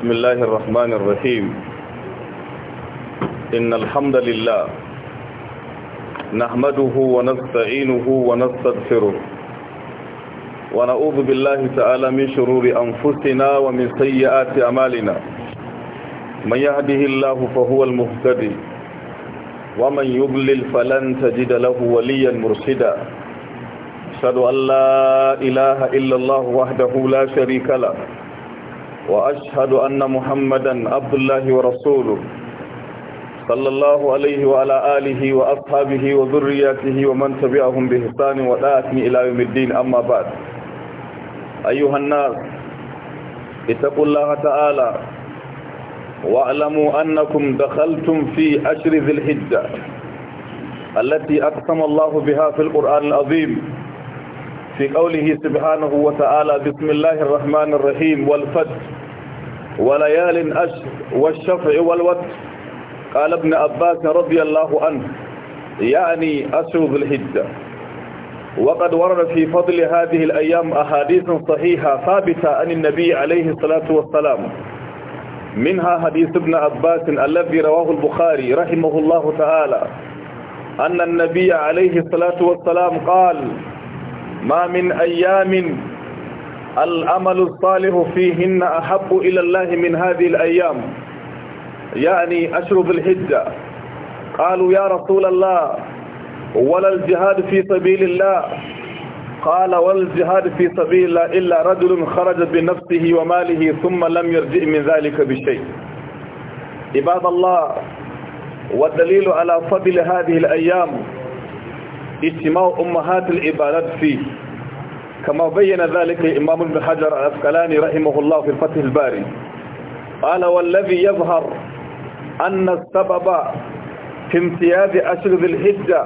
بسم الله الرحمن الرحيم إن الحمد لله نحمده ونستعينه ونستغفره ونعوذ بالله تعالى من شرور أنفسنا ومن سيئات أمالنا من يهده الله فهو المهتدي ومن يضلل فلن تجد له وليا مرشدا أشهد أن لا إله إلا الله وحده لا شريك له وأشهد أن محمدا عبد الله ورسوله صلى الله عليه وعلى آله وأصحابه وذرياته ومن تبعهم بإحسان وداعتني إلى يوم الدين أما بعد أيها الناس اتقوا الله تعالى واعلموا أنكم دخلتم في عشر ذي الحجة التي أقسم الله بها في القرآن العظيم في قوله سبحانه وتعالى بسم الله الرحمن الرحيم والفجر وليال أشر والشفع والوتر قال ابن أباس رضي الله عنه يعني أشر ذي الحجة وقد ورد في فضل هذه الأيام أحاديث صحيحة ثابتة عن النبي عليه الصلاة والسلام منها حديث ابن عباس الذي رواه البخاري رحمه الله تعالى أن النبي عليه الصلاة والسلام قال ما من أيام العمل الصالح فيهن أحب إلى الله من هذه الأيام يعني أشرب ذي الحجة قالوا يا رسول الله ولا الجهاد في سبيل الله قال والجهاد في سبيل الله إلا رجل خرج بنفسه وماله ثم لم يرجع من ذلك بشيء عباد الله والدليل على فضل هذه الأيام اجتماع أمهات العبادات فيه كما بين ذلك الإمام ابن حجر الأسقلاني رحمه الله في الفتح الباري قال والذي يظهر أن السبب في امتياز أشر ذي الحجة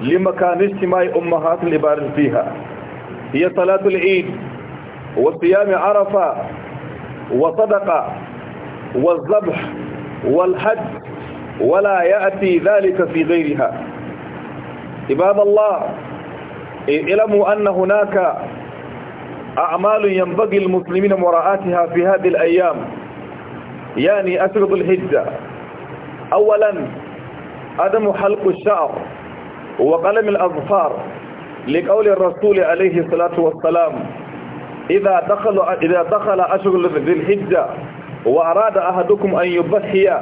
لمكان اجتماع أمهات العبادة فيها هي صلاة العيد وصيام عرفة وصدقة والذبح والحج ولا يأتي ذلك في غيرها عباد الله اعلموا أن هناك أعمال ينبغي المسلمين مراعاتها في هذه الأيام يعني أشرط الحجة أولا عدم حلق الشعر وقلم الأظفار لقول الرسول عليه الصلاة والسلام إذا دخل, إذا دخل أشغل ذي الحجة وأراد أحدكم أن يضحي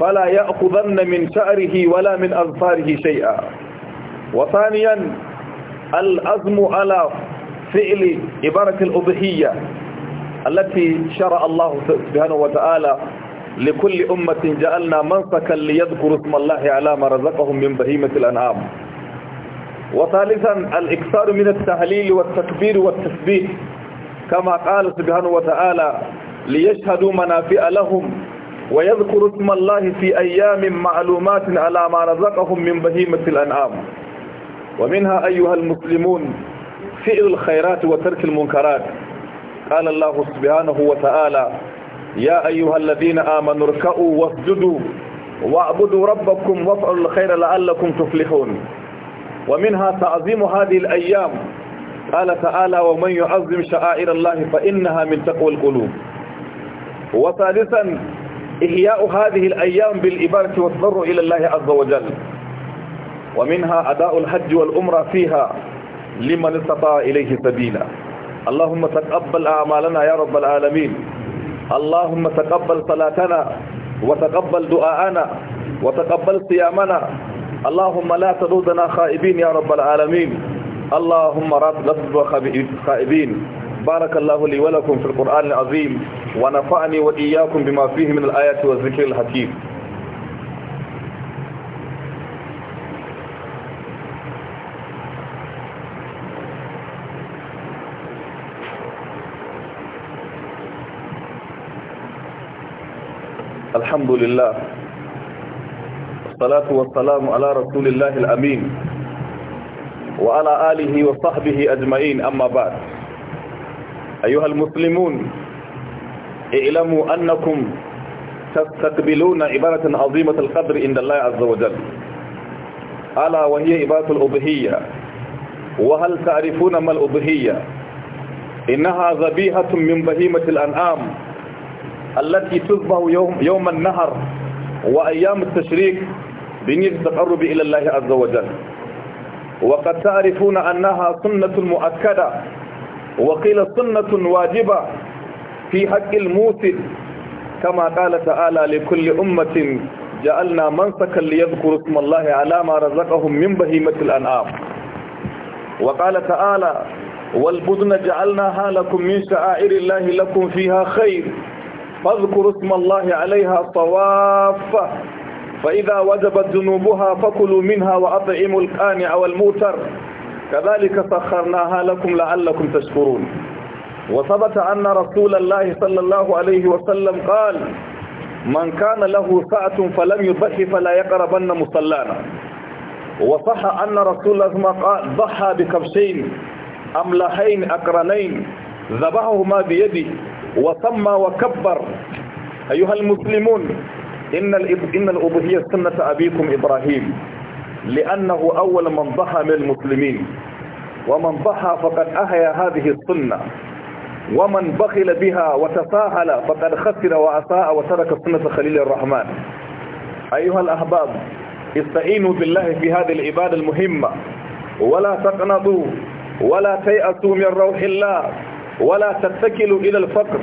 فلا يأخذن من شعره ولا من أظفاره شيئا وثانيا الأزم على فعل عبارة الأضحية التي شرع الله سبحانه وتعالى لكل أمة جعلنا منسكا ليذكروا اسم الله على ما رزقهم من بهيمة الأنعام وثالثا الإكثار من التهليل والتكبير والتسبيح كما قال سبحانه وتعالى ليشهدوا منافع لهم ويذكروا اسم الله في أيام معلومات على ما رزقهم من بهيمة الأنعام ومنها أيها المسلمون فعل الخيرات وترك المنكرات قال الله سبحانه وتعالى يا أيها الذين آمنوا اركعوا واسجدوا واعبدوا ربكم وافعلوا الخير لعلكم تفلحون ومنها تعظيم هذه الأيام قال تعالى ومن يعظم شعائر الله فإنها من تقوى القلوب وثالثا إحياء هذه الأيام بالإبارة والضر إلى الله عز وجل ومنها أداء الحج والأمرة فيها لمن استطاع إليه سبيلا اللهم تقبل أعمالنا يا رب العالمين اللهم تقبل صلاتنا وتقبل دعاءنا وتقبل صيامنا اللهم لا تردنا خائبين يا رب العالمين اللهم رب نصب خائبين بارك الله لي ولكم في القرآن العظيم ونفعني وإياكم بما فيه من الآيات والذكر الحكيم الحمد لله والصلاة والسلام على رسول الله الأمين وعلى آله وصحبه أجمعين أما بعد أيها المسلمون اعلموا أنكم تستقبلون عبارة عظيمة القدر عند الله عز وجل ألا وهي عبارة الأضحية وهل تعرفون ما الأضحية إنها ذبيحة من بهيمة الأنعام التي تذبح يوم, يوم النهر وأيام التشريك بنية التقرب إلى الله عز وجل وقد تعرفون أنها سنة مؤكدة وقيل سنة واجبة في حق الموسد كما قال تعالى لكل أمة جعلنا منسكا ليذكروا اسم الله على ما رزقهم من بهيمة الأنعام وقال تعالى والبدن جعلناها لكم من شعائر الله لكم فيها خير فاذكروا اسم الله عليها طواف فإذا وجبت ذنوبها فكلوا منها وأطعموا القانع والموتر كذلك سخرناها لكم لعلكم تشكرون وثبت أن رسول الله صلى الله عليه وسلم قال من كان له ساعة فلم يضحي فلا يقربن مصلانا وصح أن رسول الله قال ضحى بكبشين أملحين أقرنين ذبحهما بيدي وسمى وكبر أيها المسلمون إن إن الأضحية سنة أبيكم إبراهيم لأنه أول من ضحى من المسلمين ومن ضحى فقد أحيا هذه السنة ومن بخل بها وتساهل فقد خسر وأساء وترك سنة خليل الرحمن أيها الأحباب استعينوا بالله في هذه العبادة المهمة ولا تقنطوا ولا تيأسوا من روح الله ولا تتكلوا إلى الفقر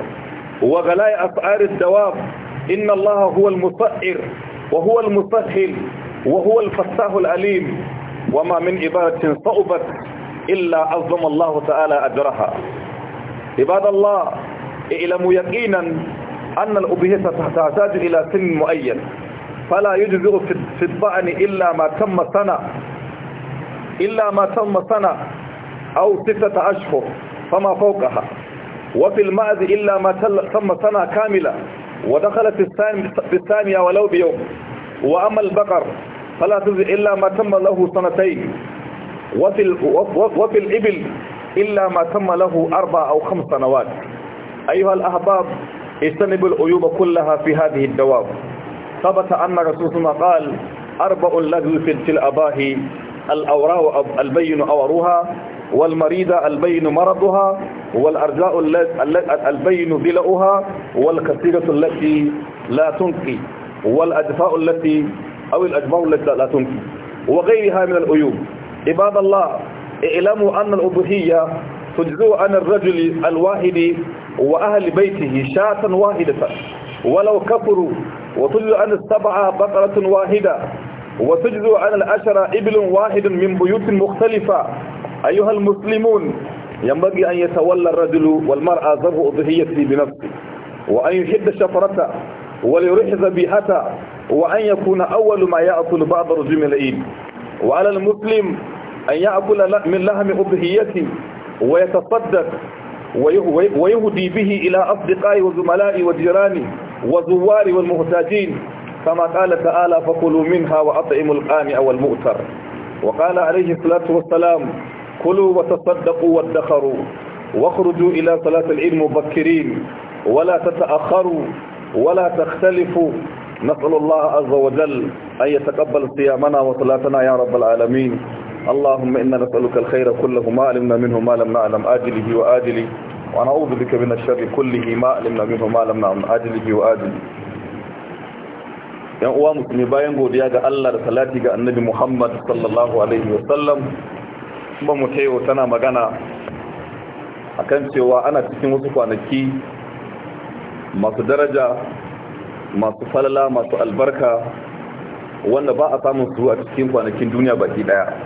وغلاء أسعار الدواب إن الله هو المصئر وهو المسهل وهو الفساه العليم وما من عبادة صعبت إلا عظم الله تعالى أجرها عباد الله اعلموا يقينا أن الأبهسة تحتاج إلى سن مؤين فلا يجزئ في الضعن إلا ما تم سنة إلا ما تم سنة أو ستة أشهر فما فوقها وفي المأذ إلا ما تم سنة كاملة ودخلت في الثانية ولو بيوم وأما البقر فلا تزر إلا ما تم له سنتين وفي, وفي الإبل إلا ما تم له أربع أو خمس سنوات أيها الأحباب اجتنبوا العيوب كلها في هذه الدواب ثبت أن رسولنا قال أربع لغو في الأباهي الأوراء البين أوروها والمريضة البين مرضها والأرجاء البين ذلؤها والكثيرة التي لا تنقي والأجفاء التي أو الأجفاء التي لا تنقي وغيرها من العيوب عباد الله اعلموا أن الأضحية تجزو عن الرجل الواحد وأهل بيته شاة واحدة ولو كفروا وتجزو عن السبعة بقرة واحدة وتجزو عن العشرة إبل واحد من بيوت مختلفة أيها المسلمون ينبغي أن يتولى الرجل والمرأة ذرف أضحيته بنفسه وأن يحد شفرته وليرحز بيهته وأن يكون أول ما يأكل بعض رجم العيد وعلى المسلم أن يأكل من لحم أضحيته ويتصدق ويهدي به إلى أصدقائي وزملائي وجيراني وزواري والمهتاجين كما قال تعالى فكلوا منها وأطعموا القانع والمؤتر وقال عليه الصلاة والسلام كلوا وتصدقوا وادخروا واخرجوا إلى صلاة العيد مبكرين ولا تتأخروا ولا تختلفوا نسأل الله عز وجل أن يتقبل صيامنا وصلاتنا يا رب العالمين اللهم إنا نسألك الخير كله ما علمنا منه ما لم نعلم آجله وآجله ونعوذ بك من الشر كله ما علمنا منه ما لم نعلم آجله وآجله يا أوامك musulmi bayan godiya ga Allah da salati ga annabi Muhammad sallallahu ba mu taiwo tana magana akan cewa ana cikin wasu kwanaki masu daraja masu falala masu albarka wanda ba a samun su a cikin kwanakin duniya baki daya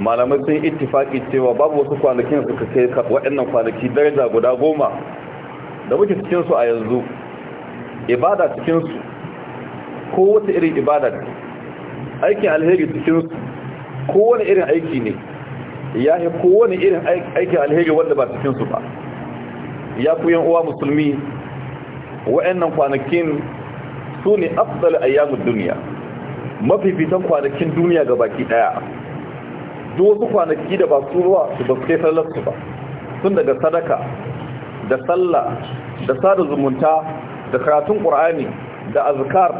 malamai sun ittifaki cewa babu wasu kwanakin suka kai waɗannan kwanaki daraja guda goma da muke cikinsu a yanzu ibada cikinsu ko wata irin ibada aikin alheri cikinsu ko wani irin aiki ne ya yi kowane irin aikin alheri wanda ba cikinsu ba ya ku yan uwa musulmi wa'annan kwanakin su ne afdal ayyamun duniya fitan kwanakin duniya ga baki daya duk wasu kwanaki da ba su ruwa su ba su kai sallarsu ba sun daga sadaka da sallah da sada zumunta da karatun ƙur'ani da azkar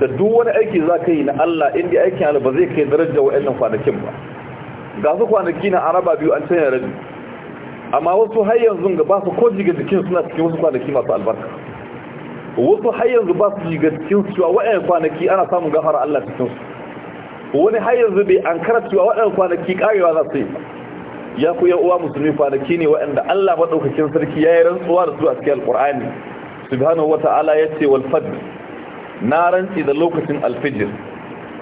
da duk wani aiki za ka yi na Allah inda aikin Allah ba zai kai darajar wa'annan kwanakin ba ga su kwanaki na araba biyu an canya rabi amma wasu har yanzu ga ba su ko jiga jikin suna cikin wasu kwanaki masu albarka wasu har yanzu ba su jiga jikin su cewa wa'yan kwanaki ana samun gafara Allah cikin su wani har yanzu bai an kara cewa wa'yan kwanaki karewa za su yi ya ku yan uwa musulmi kwanaki ne wa'anda Allah Maɗaukakin sarki ya yi rantsuwa da su a cikin alqur'ani subhanahu wata'ala yace wal fajr na rantsi da lokacin alfijir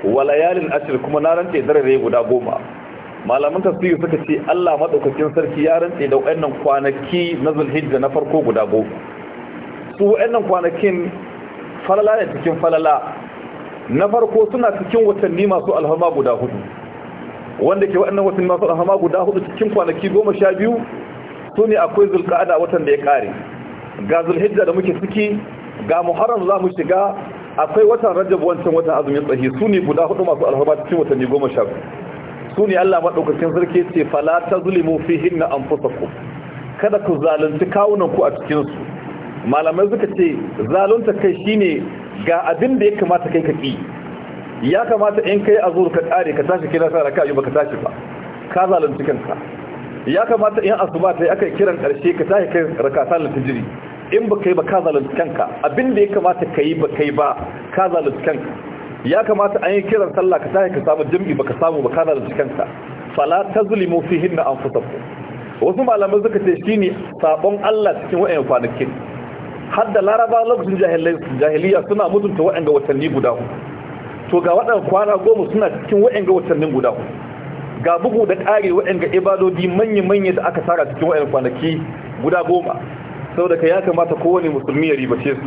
wa layalin ashr kuma na rantsi da dare guda goma malaman tafsiri suka ce Allah madaukakin sarki ya rantse da wayannan kwanaki na Zulhijja na farko guda go su wayannan kwanakin falala ne cikin falala na farko suna cikin watanni masu alhama guda hudu wanda ke wayannan watanni masu alhama guda hudu cikin kwanaki 12 su ne akwai Zulqa'da watan da ya kare ga zulhijja da muke ciki ga muharram za mu shiga akwai watan rajab wancan watan azumin tsahi su ne guda hudu masu alhama cikin watanni 12 su ne Allah maɗaukacin sarki ce fala ta zulimu fi hinna an ku kada ku zalunci kawunanku a cikinsu malamai suka ce zalunta kai shi ne ga abin da ya kamata kai ka ƙi ya kamata in kai zuwa ka ƙare ka tashi kira sa raka yi ka tashi ba ka zalunci kanka ya kamata in asuba ta yi aka kiran ƙarshe ka tashi kai raka ta jiri in ka yi ba ka zalunci kanka abin da ya kamata ka yi ba kai ba ka zalunci kanka ya kamata an yi kiran sallah ka sai ka samu jami'i baka samu baka da cikinka fala tazlimu fihin an anfusakum wasu malamai suka ce shine sabon Allah cikin wayan kwanakin har da laraba lokacin jahiliya suna mutunta wayan ga watanni guda to ga wadan kwana goma suna cikin wayan ga watannin guda ga bugu da kare wayan ga ibadodi manya-manya da aka sara cikin wayan kwanaki guda goma saboda ka ya kamata kowane musulmi ya ribace su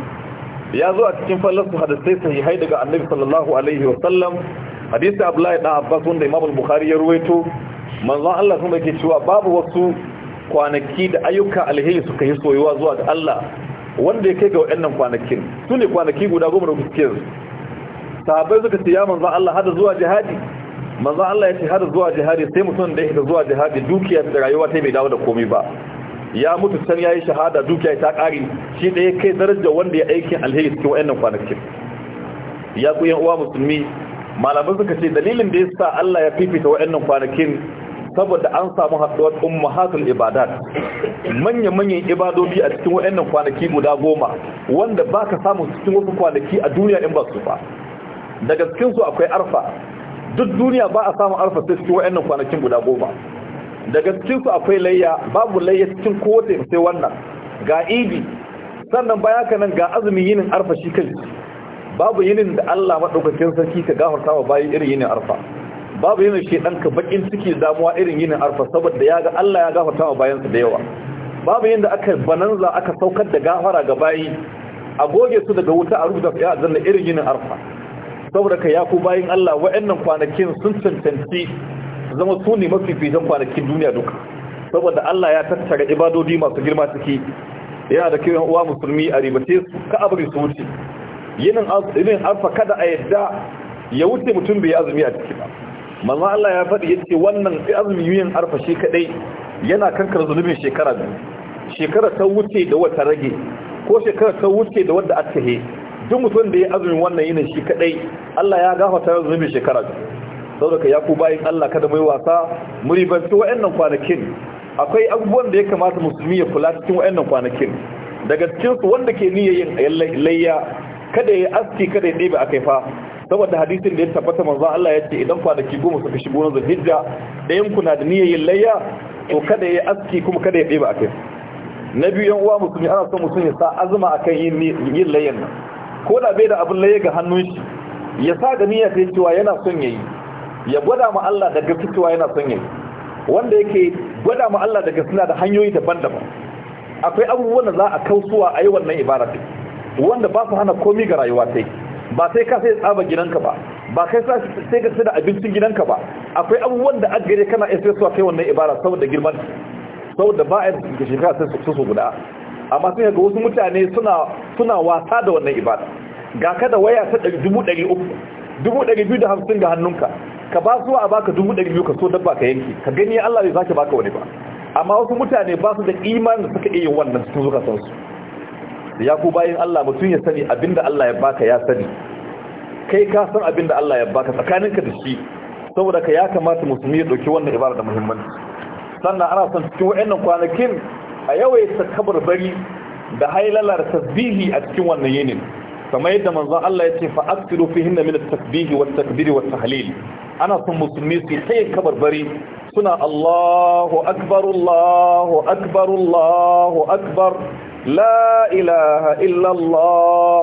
ya zo a cikin fallasu hadisai sahihai daga annabi sallallahu alaihi wasallam hadisi abdullahi dan abbas wanda imam al-bukhari ya ruwaito manzon Allah kuma yake cewa babu wasu kwanaki da ayyuka alheri suka yi soyuwa zuwa ga Allah wanda ya kai ga wannan kwanakin su ne kwanaki guda goma da gaskiyar sahabbai suka ce ya manzon Allah hada zuwa jihadi manzon Allah ya ce hada zuwa jihadi sai mutum da ya zuwa jihadi dukiya da rayuwa ta bai dawo da komai ba ya mutu can yayi shahada dukiya ta kare shi da ya kai darajar wanda ya aikin alheri cikin wayannan kwanakin ya ku yan uwa musulmi malamai suka ce dalilin da yasa Allah ya fifita wayannan kwanakin saboda an samu haɗuwar ummahatul ibadat manya-manyan ibadodi a cikin wayannan kwanaki guda goma wanda baka samu cikin wasu kwanaki a duniya in ba su ba daga cikin su akwai arfa duk duniya ba a samu arfa sai cikin wayannan kwanakin guda goma daga cikinsu akwai layya babu layya cikin kowace sai wannan ga idi sannan baya ka nan ga azumin yinin arfa shi kai babu yinin da Allah madaukakin sarki ka gafarta wa bayi irin yinin arfa babu yinin shi dan ka bakin ciki damuwa irin yinin arfa saboda ya ga Allah ya gafarta wa sa da yawa babu yin da aka bananza aka saukar da gafara ga bayi a goge su daga wuta a rubuta ya zanna irin yinin arfa saboda ka ya ku bayin Allah wa'annan kwanakin sun cancanci zama su ne mafificin kwanakin duniya duka saboda Allah ya tattara ibadodi masu girma suke yana da kiran uwa musulmi a ribace su ka abu su wuce yin alfa kada a yadda ya wuce mutum bai azumi a ciki ba manzo Allah ya faɗi yace wannan azumi yin arfa shi kadai yana kankar zunubin shekara biyu shekara ta wuce da wata rage ko shekara ta wuce da wadda aka he duk mutum da ya azumin wannan yinin shi kadai Allah ya gafarta zunubin shekara biyu saboda ya ku bayin Allah kada mai wasa muribanci wa'annan kwanakin akwai abubuwan da ya kamata musulmi ya kula cikin wa'annan kwanakin daga cikinsu wanda ke niyyar yin layya kada ya aski kada ya ɗebe akai fa saboda hadisin da ya tabbata manzo Allah ya ce idan kwanaki goma suka shigo na Zulhijja ɗayan kuna da niyyar yin layya to kada ya aski kuma kada ya ɗebe akai na biyu yan uwa musulmi ana son musulmi ya sa azuma akan yin yin layyan ko da bai da abin layya ga hannun shi ya sa da niyya ta cewa yana son ya yi. ya gwada ma Allah daga fitowa yana son yayi wanda yake gwada ma Allah daga suna da hanyoyi daban-daban akwai abubuwan da za a kausuwa a yi wannan ibada wanda ba su hana komi ga rayuwa sai ba sai ka sai tsaba gidanka ba ba kai sai ka sai da abincin gidanka ba akwai abubuwan da aggare kana isa suwa kai wannan ibada saboda girman saboda ba a yi shekara sai su su guda amma sai ga wasu mutane suna suna wasa da wannan ibada ga ka da waya ta dubu ɗari uku dubu ɗari biyu da hamsin ga hannunka ka ba su a baka dubu ɗari biyu ka so dabba ka yanki, ka gani Allah bai sake baka wani ba amma wasu mutane ba su da imanin da suka iya wannan su zuka san su ya ku bayin Allah mutum ya sani abinda Allah ya baka ya sani kai ka san abinda Allah ya baka tsakaninka da shi saboda ka ya kamata musulmi ya dauki wannan ibara da muhimmanci sannan ana son cikin wayannan kwanakin a yawaita bari da hailala da tasbihi a cikin wannan yinin kamar yadda manzon Allah ya ce fa askiru fihinna min at-tasbih wa at-takbir wa at-tahlil ana son musulmi su sai kabarbari suna Allahu akbar Allahu akbar Allahu akbar la ilaha illa Allah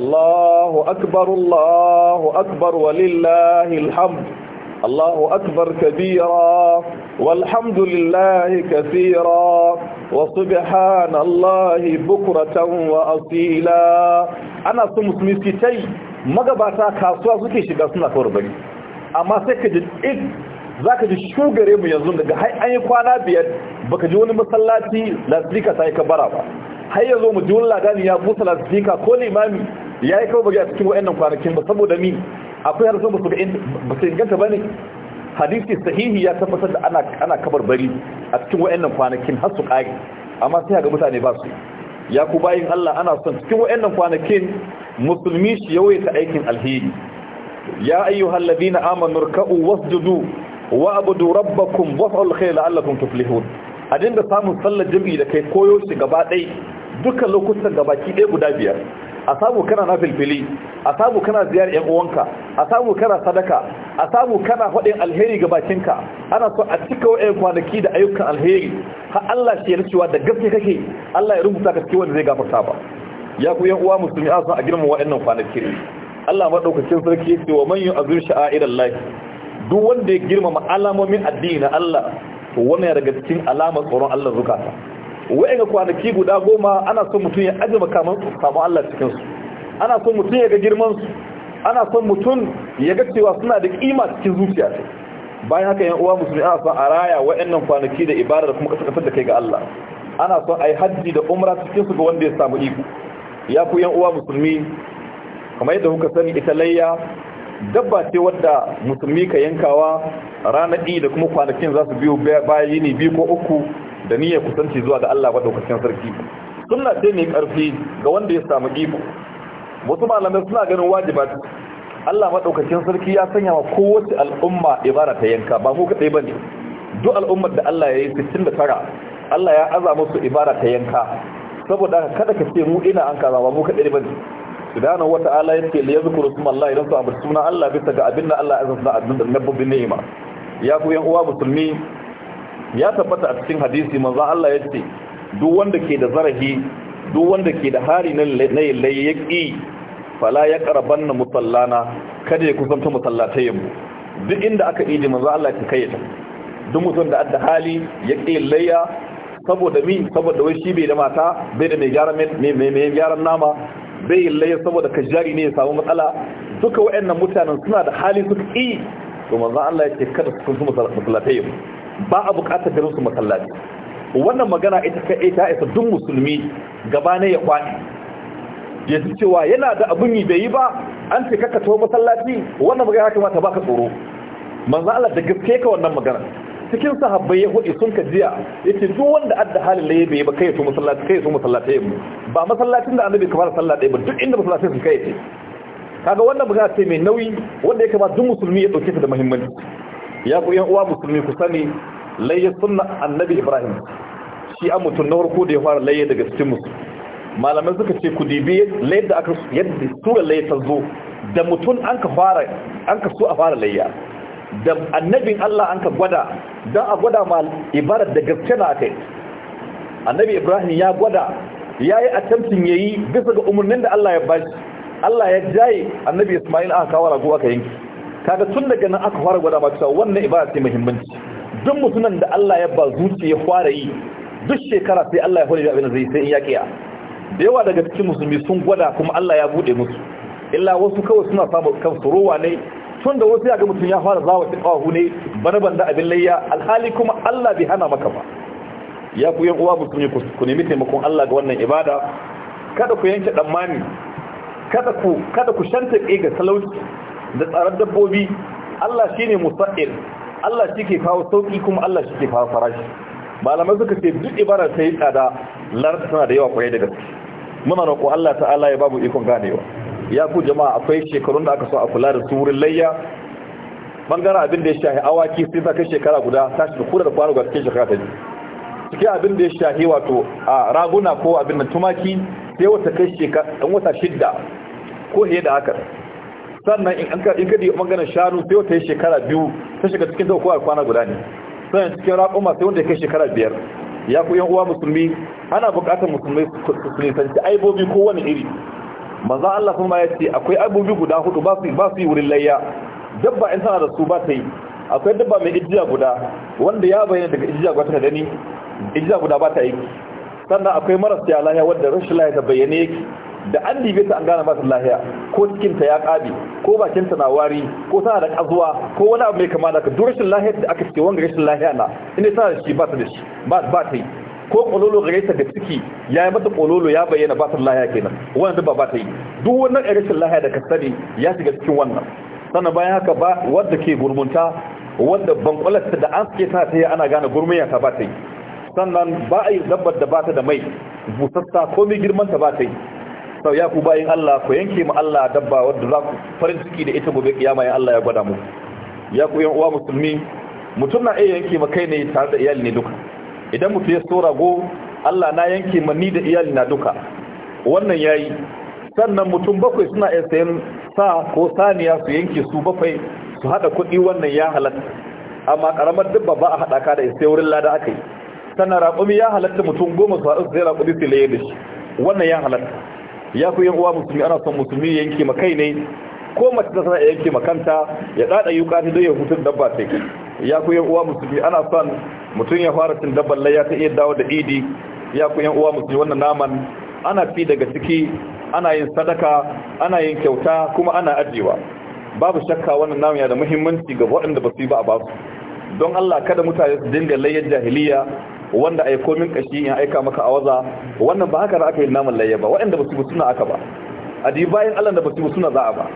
Allahu akbar Allahu akbar walillahi alhamd Allahu أكبر Kabira والحمد Kabira كثيرا وسبحان الله بكرة وأصيلا أنا سمس مسكتي magabata kasuwa suke shiga suna kawar bari amma sai ka ji ik za ji shugare mu yanzu daga hai an yi kwana biyar baka ji wani masallaci lasdika sai ka bara ba har yanzu mu ji wani ladani ya busa lasdika ko limami ya yi kawar bari a cikin wa'annan kwanakin ba saboda ni akwai harsun ba su inganta ba ne hadisi sahihi ya tabbatar da ana kabar bari a cikin wa'annan kwanakin har su ƙari amma sai ga mutane ba su ya ku bayin Allah ana son cikin wa'annan kwanakin musulmi shi ta aikin alheri ya ayyuhal ladina amanu ruk'u wasjudu wa'budu rabbakum waf'al khayra la'allakum tuflihun dinda samun sallar jirgi da kai koyo shi gaba ɗai dukkan lokutan gabaki ɗaya guda biyar a samu kana na filfili a samu kana ziyar yan uwanka a samu kana sadaka a samu kana faɗin alheri ga bakinka ana so a cika wa'yan kwanaki da ayyukan alheri har Allah shi ya cewa da gaske kake Allah ya rubuta ka cikin wanda zai gafarta ba ya ku yan uwa musulmi a san a girman wa'annan kwanaki Allah madaukakin sarki ya ce wa man yu'azzir sha'airallahi duk wanda ya girmama alamomin addini na Allah to wannan ya daga cikin alamar tsoron Allah zukata wa'in kwanaki guda goma ana son mutum ya ajiye makaman samu Allah cikin su ana son mutum ya ga girman su ana son mutum ya ga cewa suna da kima cikin zuciya ta. bayan haka yan uwa musulmi ana son a raya wa'annan kwanaki da ibada da kuma kasar da kai ga Allah ana son a yi hajji da umra cikin su ga wanda ya samu iko ya ku yan uwa musulmi kamar yadda kuka sani ita layya dabba ce wadda musulmi ka yankawa ranar da kuma kwanakin za su biyo bayan yini biyu ko uku da niyyar kusanci zuwa ga Allah madaukakin sarki sunna ce mai karfi ga wanda ya samu iko wasu malamai suna ganin wajiba Allah madaukakin sarki ya sanya wa kowace al'umma ibara ta yanka ba mu kadai bane duk al'ummar da Allah ya yi 69 Allah ya aza musu ibara ta yanka saboda kada ka ce mu ina an kaza ba mu kadai bane wa wata'ala yake li yadhkuru isma Allah idan su abu suna Allah bisa ga abinda Allah ya azza nabbu nabbobin ni'ima ya ku yan uwa musulmi ya tabbata a cikin hadisi manzo Allah ya ce duk wanda ke da zarahi duk wanda ke da hari na layyaki fala ya karabanna musallana kada ya kusanta musallatayen mu duk inda aka idi manzo Allah ya kai ta duk mutum da adda hali ya layya saboda mi saboda wai shi bai da mata bai da mai gyaran mai gyaran nama bai layya saboda kajari ne ya samu matsala duka wayannan mutanen suna da hali suka yi to manzo Allah ya ce kada su kusanta musallatayen ba a bukatar da su masallaci wannan magana ita ka ita isa duk musulmi gaba ne ya kwani ya ji cewa yana da abun yi bai yi ba an ce kaka tawo masallaci wannan magana haka mata baka tsoro manzo Allah da gaske ka wannan magana cikin sahabbai ya hudi sun kajiya yace duk wanda adda halin laye bai ba kai to masallaci kai to masallaci ba masallacin da annabi ka fara sallah dai ba duk inda masallacin sun kai kaga wannan magana ce mai nauyi wanda ya kamata duk musulmi ya dauke ta da muhimmanci ya ku yan uwa musulmi ku sani layyar sunna annabi ibrahim shi an mutum na farko da ya fara layyar daga cikin musu malamai suka ce ku dibi layya da aka yadda sura layya ta zo da mutum an ka fara an ka so a fara layya da annabin Allah an ka gwada don a gwada ma ibarar da gaske na kai annabi ibrahim ya gwada ya yi attempting ya yi bisa ga umarnin da Allah ya bashi Allah ya jaye annabi ismail aka kawo rago aka yanki kaga tun daga nan aka fara gwada maka wannan ibada ce muhimmanci duk mutumin da Allah ya ba zuci ya fara yi duk shekara sai Allah ya fara yi abin da zai sai in yaƙiya. da yawa daga cikin musulmi sun gwada kuma Allah ya bude musu illa wasu kawai suna samu kansu rowa ne tun da wasu ya ga mutum ya fara zawa cikin ne bana banda abin layya alhali kuma Allah bai hana maka ba ya ku yan uwa musulmi ku nemi taimakon Allah ga wannan ibada kada ku yanke tsammani kada ku kada ku shanta ga talauci da tsarar dabbobi Allah shi ne musa'ir Allah shi ke kawo sauƙi kuma Allah shi ke kawo farashi malamai suka ce duk ibarar ta tsada larta tana da yawa kwaye daga su. muna roƙo Allah ta'ala ya babu ikon ganewa ya ku jama'a akwai shekarun da aka so a kula da su wurin layya bangaren abin da ya shahi awaki sai ta kai shekara guda ta shi kura da kwano ga cikin shekara ta biyu cikin abin da ya shahi wato a raguna ko abin da tumaki sai wata kai shekara ɗan wata shidda ko fiye da haka sannan in ka in kadi maganin shanu sai wata yi shekara biyu ta shiga cikin dauko kwana guda ne sannan cikin raƙuma sai wanda ya kai shekara biyar ya ku yan uwa musulmi ana buƙatar musulmi su nisanci aibobi ko wani iri Maza Allah kuma ya ce akwai aibobi guda hudu ba su yi wurin layya dabba in sana da su ba ta yi akwai dabba mai ijiya guda wanda ya bayyana daga ijiya guda ta gani ijiya guda ba ta yi sannan akwai marasa lahiya wadda rashin lahiya ta bayyane yake da an dibe ta an gane ba lahiya ko cikinta ya kabi, ko bakinta na wari ko tana da kazuwa ko wani abu mai kama da ka duk rashin lahiya da aka ce wanga rashin lahiya na inda tana da shi ba ta da shi ba ta yi ko kololo ga ta da ciki ya yi mata kololo ya bayyana ba ta lahiya kenan wannan ba ba ta yi duk wannan rashin lahiya da ka sani ya shiga cikin wannan sannan bayan haka ba wadda ke gurmunta wadda bankwalarta da an suke ta ta yi ana gane gurmiya ta ba ta yi sannan ba a yi dabbar da ba ta da mai busassa ko mai girman ta ba ta yi sau ya ku bayin Allah ku yanke mu Allah dabba wadda za ku farin ciki da ita gobe kiyama ya Allah ya gwada mu ya ku yan uwa musulmi mutum na iya yanke ma kai ne tare da iyali ne duka idan mutum ya so rago Allah na yanke ma ni da iyali na duka wannan yayi sannan mutum bakwai suna iya sayan sa ko saniya su yanke su bakwai su hada kuɗi wannan ya halatta amma karamar dabba ba a hada ka da sai wurin lada akai yi sannan raƙumi ya halatta mutum goma su haɗu su sai raƙumi su laye da shi wannan ya halatta ya fi yin uwa musulmi ana son musulmi ya yanke makai ne ko mace ta sana yanke makanta ya dada yi ta don ya hutun dabba ta yi ya ku yin uwa musulmi ana son mutum ya fara cin dabban laya ta iya dawo da idi ya ku yin uwa musulmi wannan naman ana fi daga ciki ana yin sadaka ana yin kyauta kuma ana ajiyewa babu shakka wannan naman yana da muhimmanci ga waɗanda ba su yi ba a basu don Allah kada mutane su dinga layyar jahiliya wanda ai komin kashi in aika maka a waza wannan ba haka da aka yi naman layya ba waɗanda ba su suna aka ba a di bayan Allah da ba su suna za a ba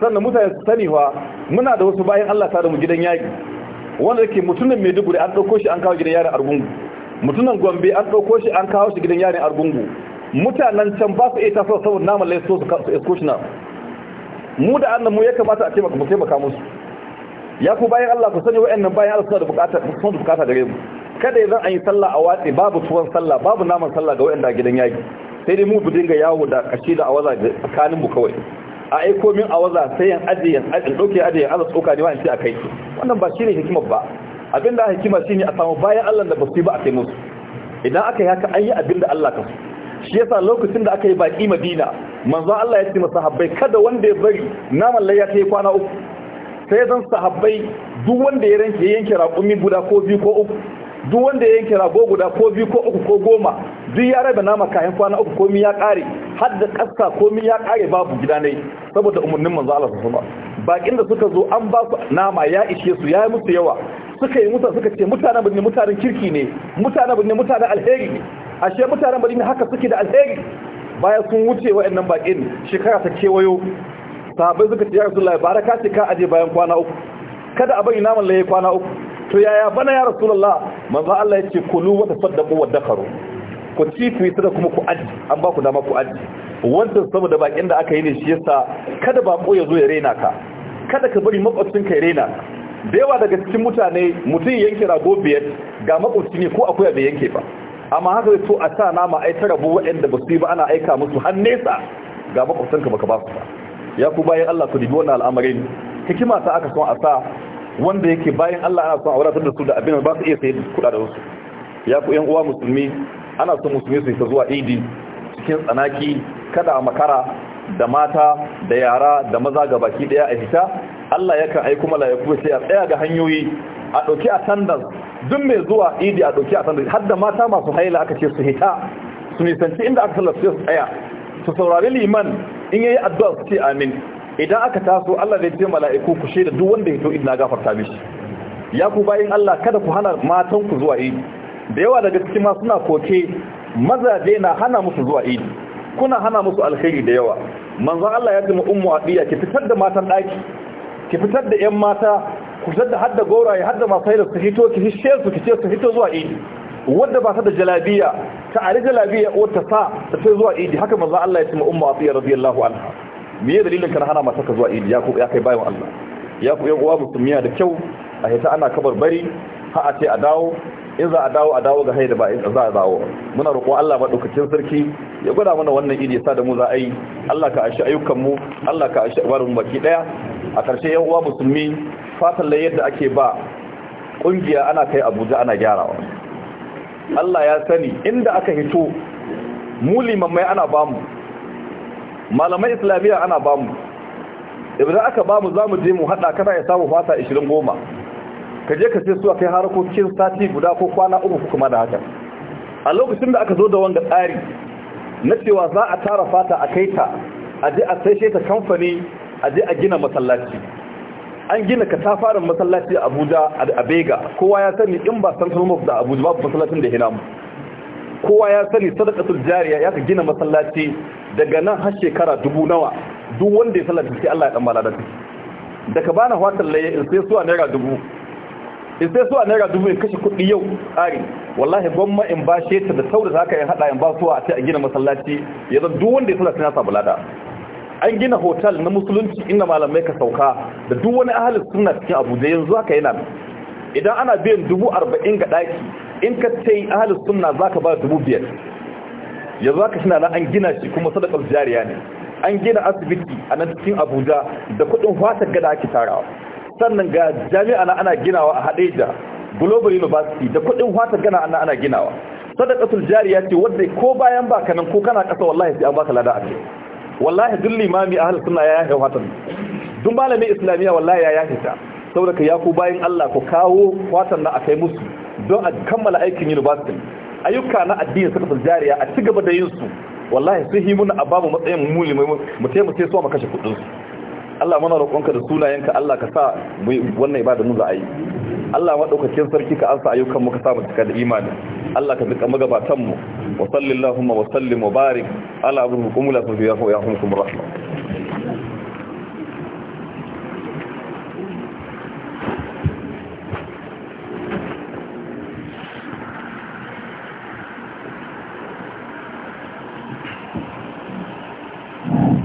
sannan mutane su sani wa muna da wasu bayan Allah tare mu gidan yaƙi wanda yake mutumin Maiduguri an ɗauko shi an kawo gidan yarin Argungu mutumin Gombe an ɗauko shi an kawo shi gidan yarin Argungu mutanen can ba su iya tafiya saboda naman layya so su isko shi na mu da annan mu ya kamata a taimaka mu taimaka musu ya ku bayan Allah ku sani wa'annan bayan Allah suna da bukata suna da bukata gare mu kada zan an yi sallah a watsi babu tuwon sallah babu naman sallah ga wa'anda gidan yaki sai dai mu bu dinga yawo da kashi da awaza tsakanin mu kawai a aiko min awaza sai yan aje yan aje doke aje yan aza tsoka ne ba in ce akai wannan ba shine hikimar ba abinda hikima shine a samu bayan Allah da basu ba a kai musu idan aka yi haka an yi abinda Allah ka shi yasa lokacin da aka yi baki Madina manzo Allah ya ce masahabbai kada wanda ya bari naman layya ta yi kwana uku sai zan sahabbai duk wanda ya ranke yanke raƙumi guda ko biyu ko uku duk wanda ya yanke rago guda ko biyu ko uku ko goma duk ya raba nama kayan kwana uku komi ya kare har da kasa komi ya kare babu gida ne saboda umarnin manzo Allah sallallahu alaihi bakin da suka zo an ba su nama ya ishe su ya yi musu yawa suka yi musa suka ce mutanen birni mutanen kirki ne mutanen birni mutanen alheri ne ashe mutanen birni haka suke da alheri bayan sun wuce wa'annan bakin shekara ta kewayo sahabbai suka ce ya rasulullahi baraka ce ka aje bayan kwana uku kada a bari naman laye kwana uku to yaya bana ya rasulullah manzo Allah yace kulu wa tasaddaqu wa dakaru ku ci ku yi kuma ku aji an ba ku dama ku aji wannan saboda bakin da aka yi ne shi yasa kada ba ya zo ya rena ka kada ka bari makwabcin ka ya rena da yawa daga cikin mutane mutum yanke rago biyar ga makwabci ne ko akwai abin yanke ba amma haka to a sa nama ai ta rabu waɗanda ba su yi ba ana aika musu har nesa ga makwabcin ka baka ba su ba ya ku bayan Allah ku dibi wannan al'amarin hikima ta aka son a sa wanda yake bayan Allah ana son a wadatar da su da abin ba su iya sayi kuɗa da wasu ya ku yan uwa musulmi ana son musulmi su ta zuwa idi cikin tsanaki kada a makara da mata da yara da maza ga baki daya a fita. Allah ya kan aiko mala'iku sai a tsaya ga hanyoyi a dauki attendance duk mai zuwa idi a dauki attendance har da mata masu haila aka ce su hita su nisanci inda aka sallar su tsaya su saurari liman in yayi addu'a su ce amin idan aka taso Allah zai ce mala'iku ku shaida duk wanda ya to idan gafarta mishi ya ku bayin Allah kada ku hana matan ku zuwa idi da yawa daga cikin ma suna koke mazaje na hana musu zuwa idi kuna hana musu alkhairi da yawa manzo Allah ya tuma ummu abiya ki fitar da matan daki ki fitar da yan mata ku fitar da hadda goraye hadda masu da su hito ki hishe su ki ce su hito zuwa idi wanda ba ta da jalabiya ta ari jalabiya wata sa ta sai zuwa idi haka manzo Allah ya tuma ummu abiya radiyallahu anha me ya dalilin na hana mata ka zuwa idi ya kai bayan Allah ya ku yan uwa musulmiya da kyau a hita ana kabar bari ha a ce a dawo in za a dawo a dawo ga haida ba in za a dawo muna roƙo Allah madaukakin sarki ya gwada mana wannan idi sa da mu za a yi Allah ka ashi ayyukan mu Allah ka ashi barin baki daya a ƙarshe yan uwa musulmi fatan la yadda ake ba kungiya ana kai Abuja ana gyarawa Allah ya sani inda aka hito mu limammai ana bamu malamai islamiyya ana bamu idan aka bamu za mu je mu haɗa kana ya samu fata 20 goma ka je ka sai su har kai cikin sati guda ko kwana uku kuma da haka a lokacin da aka zo da wanga tsari na cewa za a tara fata a kai ta a je a sai ta kamfani a je a gina masallaci an gina katafarin masallaci a abuja a bega kowa ya sani in ba san sun da abuja babu masallacin da hina kowa ya sani sadaqatul jariya ya ka gina masallaci daga nan har shekara dubu nawa duk wanda ya sallar sai Allah ya dan Da take daga bana watan laye in sai suwa naira dubu in sai suwa naira dubu in kashe kuɗi yau tsari wallahi gwamma in ba shi ta da saboda haka ya hada in ba suwa a ce a gina masallaci yanzu duk wanda ya sallar sai ya samu lada an gina hotel na musulunci inda malamai ka sauka da duk wani ahalin sunna cikin abuja yanzu haka yana idan ana biyan dubu arba'in ga ɗaki in ka ce ahalin sunna za ka ba dubu biyar za ka shi na an gina shi kuma sadakar jariya ne an gina asibiti a nan cikin abuja da kudin fatar gada ake tarawa sannan ga jami'a na ana ginawa a haɗe da global university da kudin fatar gana ana ana ginawa sadaqatul jariya ce wadda ko bayan ka nan ko kana kasa wallahi sai an baka lada ake wallahi duk limami halittun na ya yahe fatan duk malamin islamiyya wallahi ya yahe ta saboda ka yaku bayan Allah ku kawo fatan na kai musu don a kammala aikin university ayyuka na addini suka jariya a ci gaba da yin su wallahi sun yi muna a matsayin muli mai mutai mutai so mu kashe kudin su Allah mana roƙonka da sunayenka Allah ka sa wannan ibada mu za a yi Allah ma madaukakin sarki ka ansa ayyukan mu ka sa mu cika da imani Allah ka duka magabatan mu wa sallallahu wa sallim wa barik ala abdul kumula fa yahu yahumkum rahmah